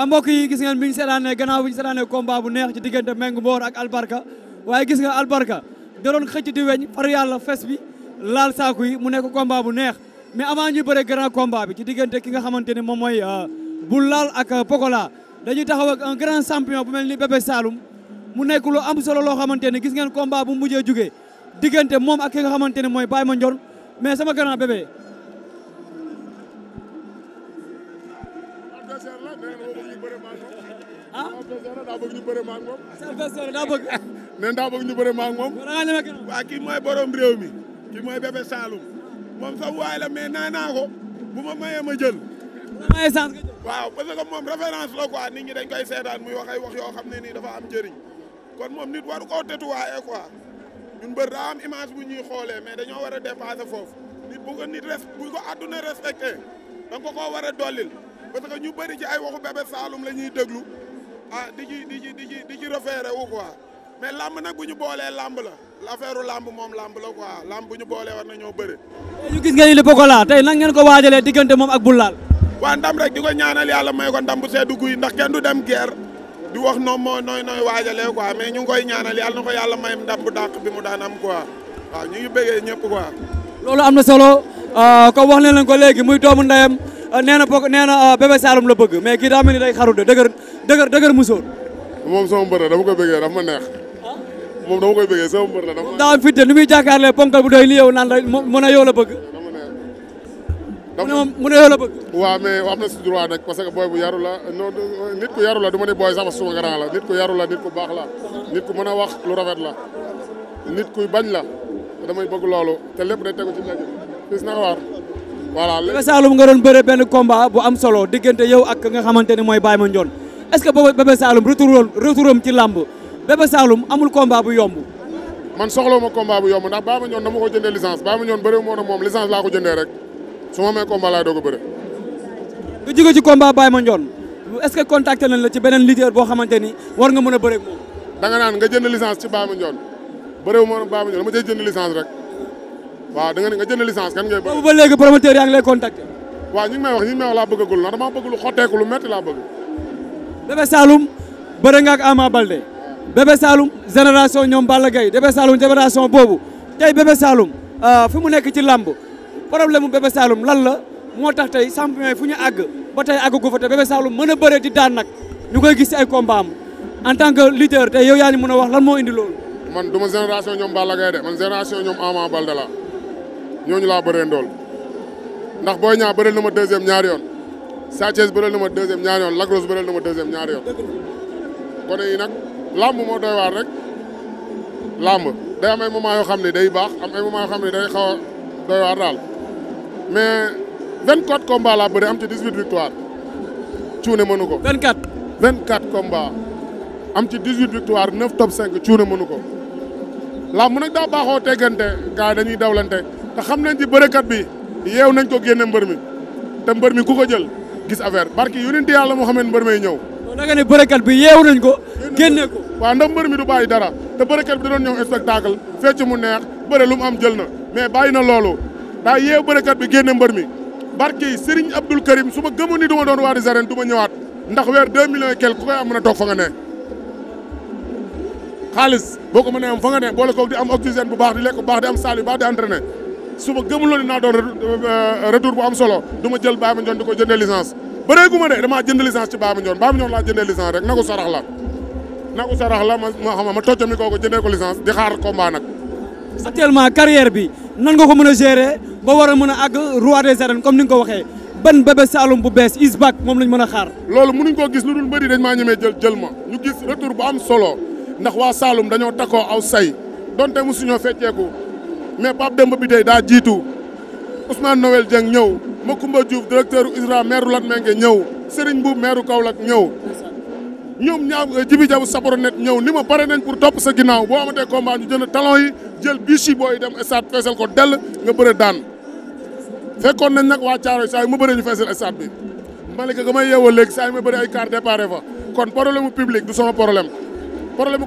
waa mbokk yi gis ngeen bi ñu seetaanee gannaaw bi ñu seetaanee combat bu neex ci diggante Mengu Mboor ak Albarka waaye gis nga Albarka da doon xëcc di weñ far yàlla fes bi laal saaku yi mu nekk combat neex mais avant ñu bëre grand combat bi ci diggante ki nga xamante ni moom mooy euh, bu laal ak euh, Pokola dañuy taxaw ak un grand champion bu mel ni Bébé Saloum mu nekk lu am solo loo xamante ni gis ngeen combat bu mujjee jugee diggante moom ak ki nga xamante ne mooy Baye Mandione mais sama grand bébé adversaire la nee na daa bëgg ñu bëre maag moom. ah adversaire daa bëgg ñu bëre maag moom. adversaire daa bëgg. nee daa bëgg ñu bëre maag moom. waay la mais nee naa ko bu ma mayee ma jël. waaw parce que moom référence la quoi nit koy seetaan muy wax ay wax yoo xam ne nii dafa am njëriñ kon moom nit waru koo tetuwaayee eh, quoi ñun mbër daa am image bu ñuy xoolee mais dañoo war a dépasser foofu nit bu ko nit res bu ko ko koo war a parce que ñu bëri ci ay waxu Bébé Saloum la ñuy déglu ah di ci wu quoi mais làmb nag bu ñu boolee làmb la l'affaire làmb moom làmb la quoi làmb bu ñu boolee war nañoo bëri. ñu gis ngeen ni Pokola tey nan ngeen ko waajalee diggante moom ak Boulal. waa ndam rek di ko ñaanal yàlla may ko ndam bu seddu guy ndax kenn dem guerre di wax noonu moo nooy nooy waajalee quoi mais ñu ngi ñaanal yàlla na ko yàlla may ndam bu dàq bi mu daan am a waaw ñu ngi bëggee ñëpp euh, ko wax ne Euh, nee na bokk nee na euh, bébé Saloum la bëgg mais kii daa mel ni day xaru de dëgër dëgër dëgër moom sama mbër la dama koy bëggee dafa ma neex ah? moom dama koy bëggee sama mbër la dafa daa am fitte ni muy jàkkaarlee ponkal bu doy yow naan la mu ne yow bëgg mu ne yow la bëgg waaw mais am na si droit nag parce booy bu yaru la non nit ku yaru la du ma ne booy sax suma grand la nit ku yaru la nit ku baax la nit ku mën a wax lu rafet la nit kuy bañ la damay bëgg loolu te lépp day tegu ci laj gis na waar voilà Bébé Saloum nga doon bëre benn combat bu am solo diggante yow ak nga xamante ne mooy Baye Mandione est-ce que Bébé Saloum retouram retouram ci làmb Bébé Saloum amul combat bu yomb man soxlawu ma combat bu yomb ndax Baye Mandione dama ko jëndee licence Baye Mandione bëre moo na moom licence laa ko jëndee rek su ma amee combat laay doog a bëre nga jóge ci combat Baye Mandione est-ce que contacté nañ la ci beneen leader boo xamante war nga mën a ak moom da nga naan nga jënd licence ci Baye Mandione bëre moo na Baye Mandione dama cay licence rek waaw da nga ne nga jënd ba léegi promoteur yaa ngi lay contacter. waaw ñu ngi may wax ñu ngi may wax laa bëggagul ndax dama bëgg lu lu métti laa bëgg. Bébé Saloum bëre nga ak Ama Balde Bébé Saloum génération ñoom Balla Gaye Bébé saalum génération boobu tey Bébé saalum euh, fi mu nekk ci làmb problème mu Bébé Saloum lan la moo tax tey champion yi fu ñu àgg ba tey àgg gu fa te Bébé Saloum mën a bëre di daan nag ñu koy gis ci ay combat am en tant que liter tey yow yaa ñu mën a wax lan moo indi loolu. man du ma génération ñoom Balla Gaye de man génération ñoom la ñooñu laa bëree ndool ndax booy Niang bëreel na ma deuxième ñaari yoon Sa Thiès bëreel na ma deuxième ñaari yoon Lac Rose bëreel na ma deuxième ñaari yoon kon yi nag làmb moo doy waar rek làmb day am ay moment yoo xam ne day baax am ay moment xam ne day xaw a doy waar daal mais 24 combats laa bëri am ci 18 victoire cuune mënu ko. 24 24 combats am ci 18 victoire 9 top 5 cuune mënu ko làmb nag daa baaxoo tegante gars yi dañuy dawlante. te xam nañ ci bërekat bi yeew nañ ko génne mbër mi te mbër mi ku ko jël gis affaire barki yonent yàlla moo xam ne mbër may ñëw. kon da nga ne bërekat bi yeew nañ ko. génne ko waaw ndax mbër mi du bàyyi dara te bërekat bi da doon ñëw fee fecc mu neex bëre mu am jël na mais bàyyi na loolu daa yeew bërekat bi génne mbër mi barki Serigne Abdoul Karim su ma gëmoon ni du ma doon waa di arène du ma ñëwaat ndax weer 2 millions et quelque ku koy am a toog fa nga bu baax di lekk baax di am salle suba ma gëmuloo naa doon euh, retour bu am solo du ma jël Baye Mandione di ko jëndee licence bëreegu ma de damaa jënd licence ci Baye Mandione Baye Mandione laa jëndee licence rek nagu sarax la nagu sarax la ma ma xam ma toccami kooku jëndee ko licence di xaar combat nag. actuellement bi nan nga ko mën a gérer ba war a mën a àgg roi des arènes comme ni nga ko waxee ban Bébé Saloum bu bees is back moom lañ mën a xaar. loolu mënuñ koo gis lu dul bari dañ ma ñemee jël jël ma ñu gis bu am solo ndax waa Saloum dañoo takkoo aw say donte mosu ñoo fecceeku mais Pape Demba bi tey daa jiitu Ousmane Noël Dieng ñëw Macoumba Diouf directeur ISRA maire Latmingué ñëw Serigne Mboup maire Kaolack ñëw. ñoom ñaar euh, jibi jabu saporo net ñëw ni ma pare nañ pour topp sa ginnaaw boo amatee combat ñu jënd talon yi jël biche yi booy dem stade feesal ko dell nga bëre daan fekkoon nañ nag waa Caaroy saa ma bëree ñu feesal stade bi Malika ga may yeewoo léegi saa yu ma bëri ay kon problème mu public du sama problème problème mu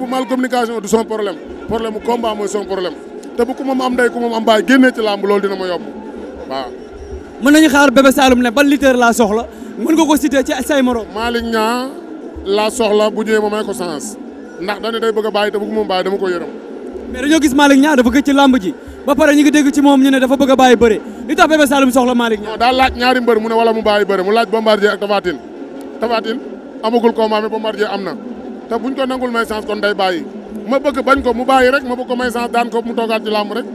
bu mal communication du sama problème problème mu combat mooy te bu ko mom am nday ko mom am bay génnee ci lamb loolu dina ma yob waaw. mën nañu xaar Bébé salum né ban lutteur la soxla mën nga ko cité ci say moro malik nya la soxla bu ñëw ma may ko sens ndax dañu day bëgg bay bàyyi te bu mom bay dama ko yërëm. mais dañu gis malik nya dafa gëc ci lamb ji ba paré ñi ngi dégg ci mom ñu né dafa bëgg bay bëré li tax Bébé salum soxla malik nya da laaj ñaari mbeur mu né wala mu bay bëré mu laaj Bombardier ak Tapha Tine amagul ko mamé Bombardier amna na buñ ko nangul may sens kon day bayyi ma bëgg bañ ko mu bayyi rek ma bëgg ko may sax daan ko mu togaat ci lamb rek.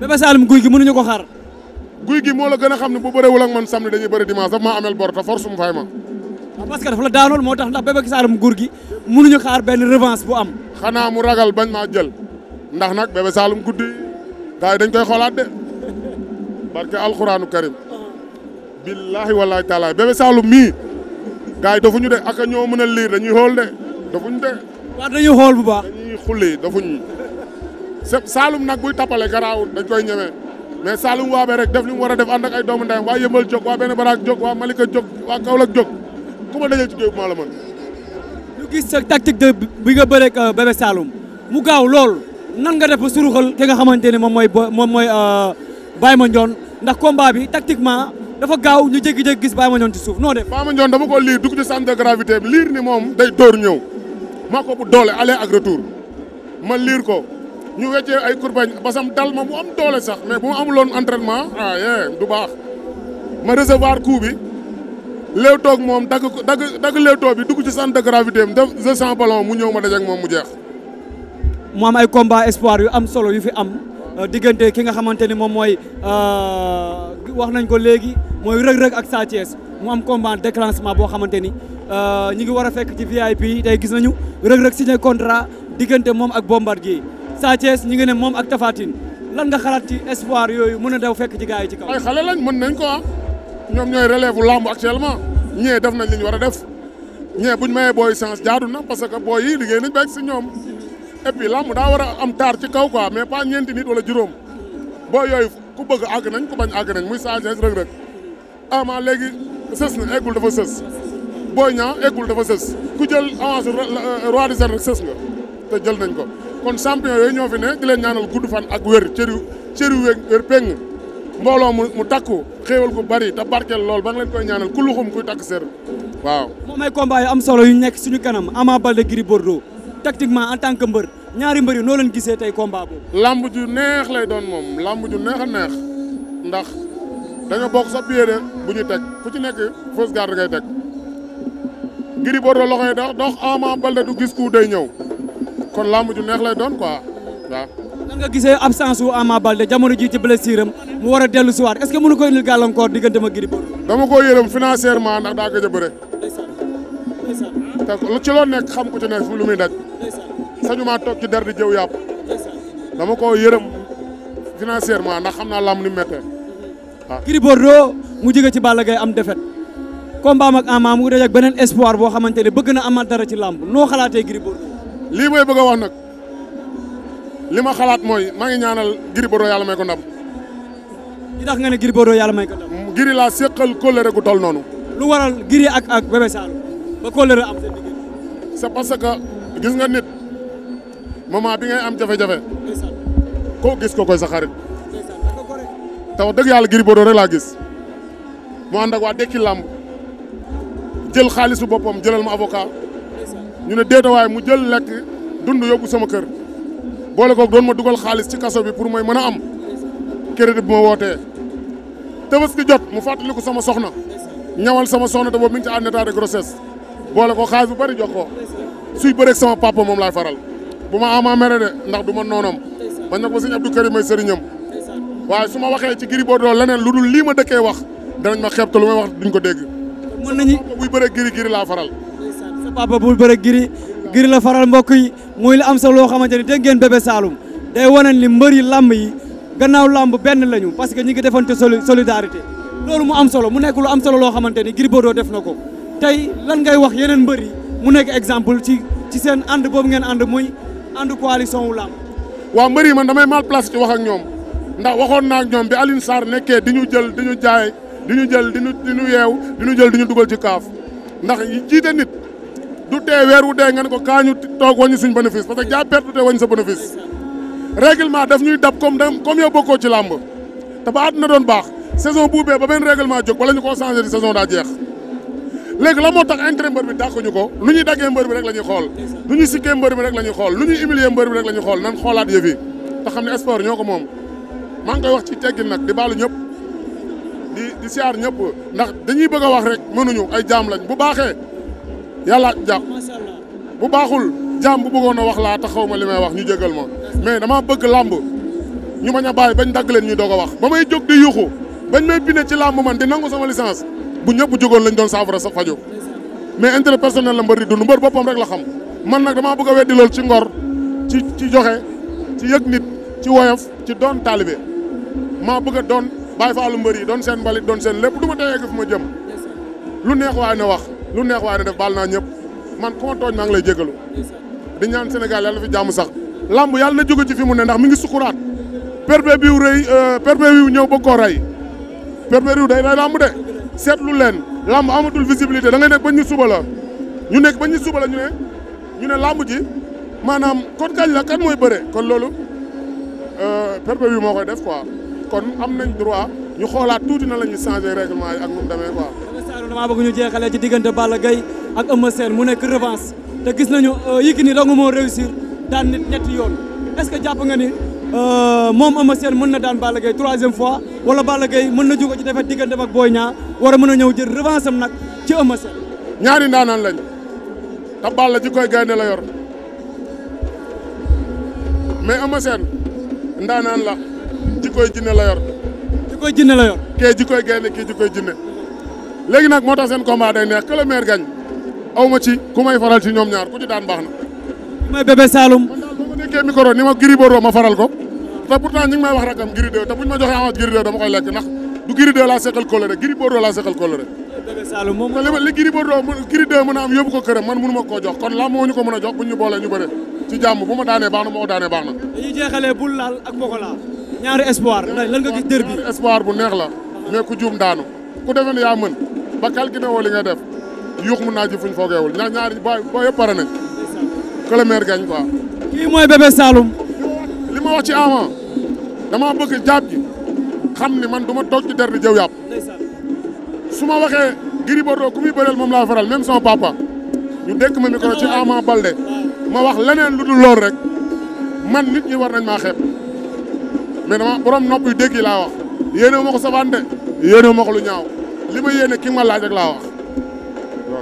Bébé salim guuy gi mënuñu ko xaar. guuy gi mo la gëna xamni bu bëree wul ak man samedi dañuy bëri dimanche ma amel bor te force mu fay ma. Ah, parce que dafa la daanol mo tax ndax Bébé salim guur gi mënuñu xaar ben revanche bu am. xana mu ragal bañ ma jël ndax nak Bébé salim guddi gaay dañ koy xolaat de barke alcorane karim. billahi wallahi taala Bébé salim mi gaay yi dafuñu de ak ñoo mëna a dañuy hol de dafuñu de. wa dañuy hol bu baax. dañuy xulli dafuñ Saalum nag buy tappale garaawut dañ koy ñeme mais Saalum waabee rek def li war a def ànd ak ay doomu ndeyam waa Yëmbal jóg waa benn baraak jóg waa Malika jóg waa Kaolack jóg ku ma ci géew maa la mën. ñu gis sa tactique de bi nga bëreeg euh, Bébé Saloum mu gaaw lool nan nga ba suruxal ki nga xamante ne moom mooy moom mooy euh, Baye Mandione ndax combat bi tactiquement dafa gaaw ñu jékki-jékki gis Baye Mandione ci suuf noo def. Baye Mandione dama ko liir dugg ci centre moom day dóor ñëw maa ko doole aller ak retour. ma liir ko ñu weccee ay kurbañ basam dal ma mu am doole sax mais bu ma loon entraînement ah du baax ma recevoir coup bi léewtoo ak moom dagg dagg dagg léewtoo bi dugg ci centre de gravité am def je ballon mu ñëw ma dajeeg moom mu jeex. mu am ay combat espoir yu am solo yu fi am euh, diggante ki nga xamante ni moom mooy euh, wax nañ ko léegi mooy rëg-rëg ak Sa Thiès mu am combat déclenchement boo xamante ni euh, ñi ngi war a fekk ci VIP tey gis nañu rëg-rëg signé contrat. diggante moom ak Bombardier Sa Thiès ñi ngi ne moom ak Tapha Tine lan nga xalaat ci espoir yooyu mën a daw fekk ci gars yi ci kaw. ay xale lañ mën nañ ko ah. ñoom ñooy relève lamb actuellement ñee def nañ li ñu war a def ñee buñ mayee booy chance jaadu na parce que booy yi liggéey nañ ba si ñoom et puis lamb daa war a am taar ci kaw quoi mais pas ñeenti nit wala juróom booy yooyu ku bëgg àgg nañ ku bañ àgg nañ muy Sa Thiès Reug Reug ama léegi sës na eggul dafa sës booy ñaa eggul dafa sës ku jël avance euh, roi des arènes sës nga. te jël nañ ko kon champion yooyu ñoo ne di leen gudd fan ak wér cëriw cëriw wér péng mbooloo mu takku xéewal ku bari te barkeel lool ba nga leen koy ñaanal kuluxum kuy takk ser waaw moom ay combat yu am solo yu nekk suñu kanam Ama Baldé Gris Bordeaux en tant que mbër ñaari mbër yi noo leen gisee tey combat boobu lamb ju neex lay doon moom lamb ju neex a neex ndax dañoo bokk sa pied bu ñu teg ku ci nekk fausse garde ngay teg Gris Bordeaux loxoy dox dox Ama Baldé du gis ku day ñëw kon lamb ju neex lay doon ko waaw. nan nga gisee absence wu Ama Baldé jamono ji ci blessure am mu war a dellu si waat est-ce ko indil gàllankoor diggante ma Gris Bordeaux. dama ko yërëm financièrement ndax a bëre. te lu xam ko ci nekk muy daj. ci der di jëw yàpp. ko yërëm financièrement ndax xam naa làmb ni mu méttee waaw. mu jóge ci bala Gaye am défaite combat am ak Ama mu daje espoir boo xamante ne bëgg na amaat dara ci làmb noo xalaatee Gris lima may bëgg wax nak lima xalaat moy ma ngi ñaanal Gris Bordeaux yalla may ko ndam. li tax nga ne Gris Bordeaux yalla may ko ndam. giri la sekkal gu tol nonu lu waral giri ak ak Bébé salu ba am sa digi c'est parce que gis nga nit mama bi ngay am jafé jafé ko gis ko koy saxarit taw deug yalla giri yàlla Gris rek la gis mo andak wa dekk Lamb jël xaalisu bopom jëlal ma avocat. ñu ne déetawaay mu jël lekk dund yóbbu sama kër boole koog doon ma dugal xaalis ci kaso bi pour mooy mën a am crédit bi ma wootee tabaski jot mu fàttaliku sama soxna ñawal sama soxna te boobu mi ngi ci en état de grossesse boole ko xaalis bu bari jox ko suy bëreeg sama papa moom laay faral bu ma ama mere de ndax du ma noonam man nag ba sëñ Abdou Karim may sëriñam waaye su ma waxee ci boo Bordeaux leneen lu dul lii ma dëkkee wax danañ ma xeeb te lu may wax duñ ko dégg. mën nañu buy bëree giri giri laa faral. papa bu bëre giri giri la faral mbok yi moy la am sa lo xamanteni de ngeen bébé salum day wanen li mbeuri lamb yi gannaaw lamb ben lañu parce que ñi ngi defante solidarité lolu mu am solo mu nekk lu am solo lo xamanteni giri bodo def nako tay lan ngay wax yenen mbeuri mu nekk exemple ci ci sen and bobu ngeen and muy and coalition wu làmb waaw mbër man damay mal place ci wax ak ñom ndax waxon na ak ñom bi aline sar nekké diñu jël diñu jaay diñu jël diñu diñu yew diñu jël diñu duggal ci kaf ndax jité nit du tee weer wu dee ngeen ko kañu ñu toog wàññi suñ bénéfice parce que ja perte du tee wàññi sa bénéfice règlement daf ñuy dab comme dem comme yow bokkoo ci lamb te ba àdduna doon bax saison buubee ba ben règlement jóg wala ñu koo di saison da jeex léegi la mo tax intérêt mbeur bi dàquñu ñuko lu ñuy daggee mbër bi rek lañuy xol xool lu ñuy sikkee mbër bi rek lañuy xol xool lu ñuy humilier mbeur bi rek lañuy xol nan xolaat yeufi ta xamni sport ñoko mom ma nga wax ci teggin nak di balu ñëpp di di siar ñëpp ndax dañuy bëgg wax rek mënuñu ay jaam lañ bu baaxee yalla jam bu baxul jam bu bëggono wax la tax xaw ma li wax ñu jéggal ma mais dama bëgg lamb ñu bañ a bañ dag leen ñu dogo wax ba may jóg di yuxu bañ may bindé ci lamb man di nangu sama licence bu ñëpp jógoon lañ doon safara sax fajo mais intérêt personnel la mbeur di dund mbeur bopam rek la xam man nak dama bëgg wéddi lol ci ngor ci ci joxé ci yëg nit ci woyof ci doon talibé ma bëgg doon bàyyi faalu mbeur yi doon seen balit doon seen lepp duma tayé teyee fuma jëm lu neex waaye na wax lu neex waaye ne def baal naa ñëpp man ku ma tooñ maa ngi lay jégalu di ñaan Sénégal yàlla na fi jàmm sax lamb yàlla na jóge fi mu ne ndax mi ngi sukuraat perbe biw rëy euh, perbe biw ñëw ba koo rey perbe biw day day lamb de seetlu leen lamb amatul visibilité da ngay nekk ñu suba la ñu nekk ba ñu suba ñu ne ñu ne lamb ji maanaam kon kañ la kan mooy bëre kon loolu euh, perbe biw moo koy def quoi kon am nañ droit ñu xoolaat tuuti na la ñuy changé règlement yi ak nu nag damaa bëgg ñu jeexalee ci diggante Balla Gaye ak Eumeu mu nekk revanche te gis nañu euh, Yékini dong moo réussir daan nit yoon est-ce que jàpp nga ni euh, moom Eumeu Sène mën na daan Balla Gaye troisième fois wala Balla Gaye mën na jóge ci defet diggante ak Boy Niang war a mën a ñëw jël revanche am nag ci Eumeu Sène ñaari ndaanaan lañ te Balla ji koy gaynde la yor mais Eumeu Sène ndaanaan la ji koy la yor ji koy jinne la yor kee léegi nag moo tax seen combat day neex que le maire ci ku may faral ci ñoom ñaar ku ci daan baax na. mooy bébé Saloum. man daal ba ma nekkee micro ni ma Gris Bordeaux ma faral ko te pourtant ñu ngi ma joxee avance Gris 2 dama koy lekk ndax du Gris 2 laa seqal coloré Gris Bordeaux laa seqal coloré. bébé Saloum moom li ma li Gris Bordeaux Gris mën a am yóbbu ko këram man mënu ma jox kon lan moo ñu ko mën a jox buñ ñu boolee ñu bëre ci jàmm bu ma daanee baax na ma ko daanee baax na. dañuy espoir lan nga bu neex la mais ku juum yaa mën ba calculé woo li nga def yuux mun naa ji fuñ foogeewul ñaar ñaari booy booy yëpp pare nañ que le maire gagne quoi. kii mooy bébé Saloum. li ma wax ci avant dama bëgg jàpp ji xam ni man du ma toog ci der di jëw yàpp su ma waxee Gris Bordeaux ku muy bëreel moom laa faral même son papa ñu dékk ma micro ci Ama Baldé ma wax leneen lu dul lool rek man nit ñi war nañ maa xeeb mais dama borom nopp yu dégg yi laa wax yéene ma ko savaan de yéene ma ko lu ñaaw. li ma yéene ki ma laaj laa wax.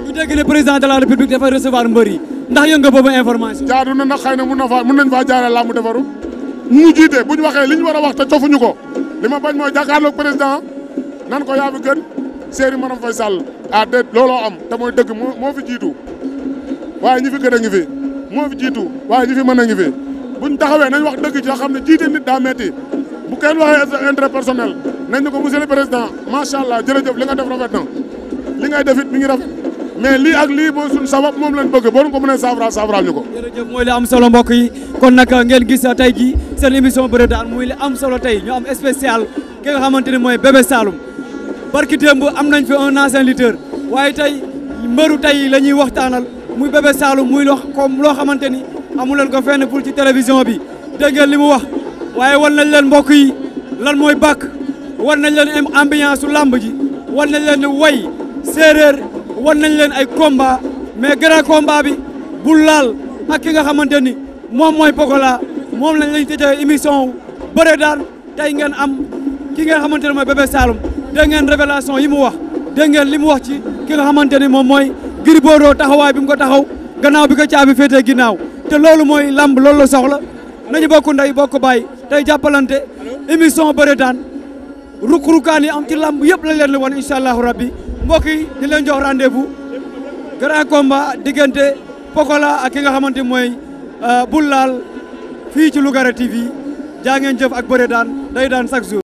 ñu dégg ne président de la république dafay recevoir mbër yi ndax yëngu boobu information. jaadu na ndax xëy na mun na faa mun nañ faa jaaree defaru ñu jiite bu ñu waxee li ñu war a wax te cofuñu ko li ma bañ mooy jàkkaarloog président nan ko yaa fi gën Serigne Maram Faye sal a ah, déet looloo am te mooy dëgg moo moo fi jiitu waaye ñi fi gën a ngi moo fi jiitu waaye ñi fi mën a ngi fi buñ taxawee nañ wax dëgg ci xam ne jiite nit daa metti bu kenn waxee sa intérêt personnel nañ ko monsieur le président macha allah jërëjëf li nga def rafet na li ngay def it mi ngi rafet mais lii ak lii boo suñ sabab moom lañ bëgg boo ko mënee saafaraal saafaraal ñu ko. jërëjëf mooy li am solo mbokk yi kon nag ngeen gis tey jii seen émission bëre daan muy li am solo tey ñu am spécial ki nga xamante ne mooy Bébé Saloum barki démb am nañ fi un ancien lutteur waaye tey mbëru tey la ñuy waxtaanal muy Bébé Saloum muy loo comme loo xamante ni amu leen ko fenn pour ci télévision bi dégg li mu wax. waaye wan nañ leen mbokk yi lan mooy bàkk wan nañ leen ambiance su làmb ji wan nañ leen way séeréer wan nañ leen ay komba mais grand combat bi bu laal ak ki nga xamante ni moom mooy Pokola moom lañ lañ tëjee émission wu bëre daal tey ngeen am ki nga xamante ne mooy Bébé Saloum dégg ngeen révélation yi mu wax dégg ngeen li mu wax ci ki a xamante ni moom mooy Gris Bordeaux taxawaay bi mu ko taxaw gannaaw bi ko caabi féetee ginnaaw te loolu mooy làmb loolu la soxla nañu bokk ndey bokk bàyyi day jàppalante émission bëre daan rukk-rukkaan am ci làmb yëpp lañ leen di wan incha allahu rabbi mbokk yi di leen jox rendez-vous grand diggante Pokola ak ki nga xamante mooy euh, Boul Laal fii ci Lougaré TV jaa ngeen jëf ak bëre daan day daan chaque jour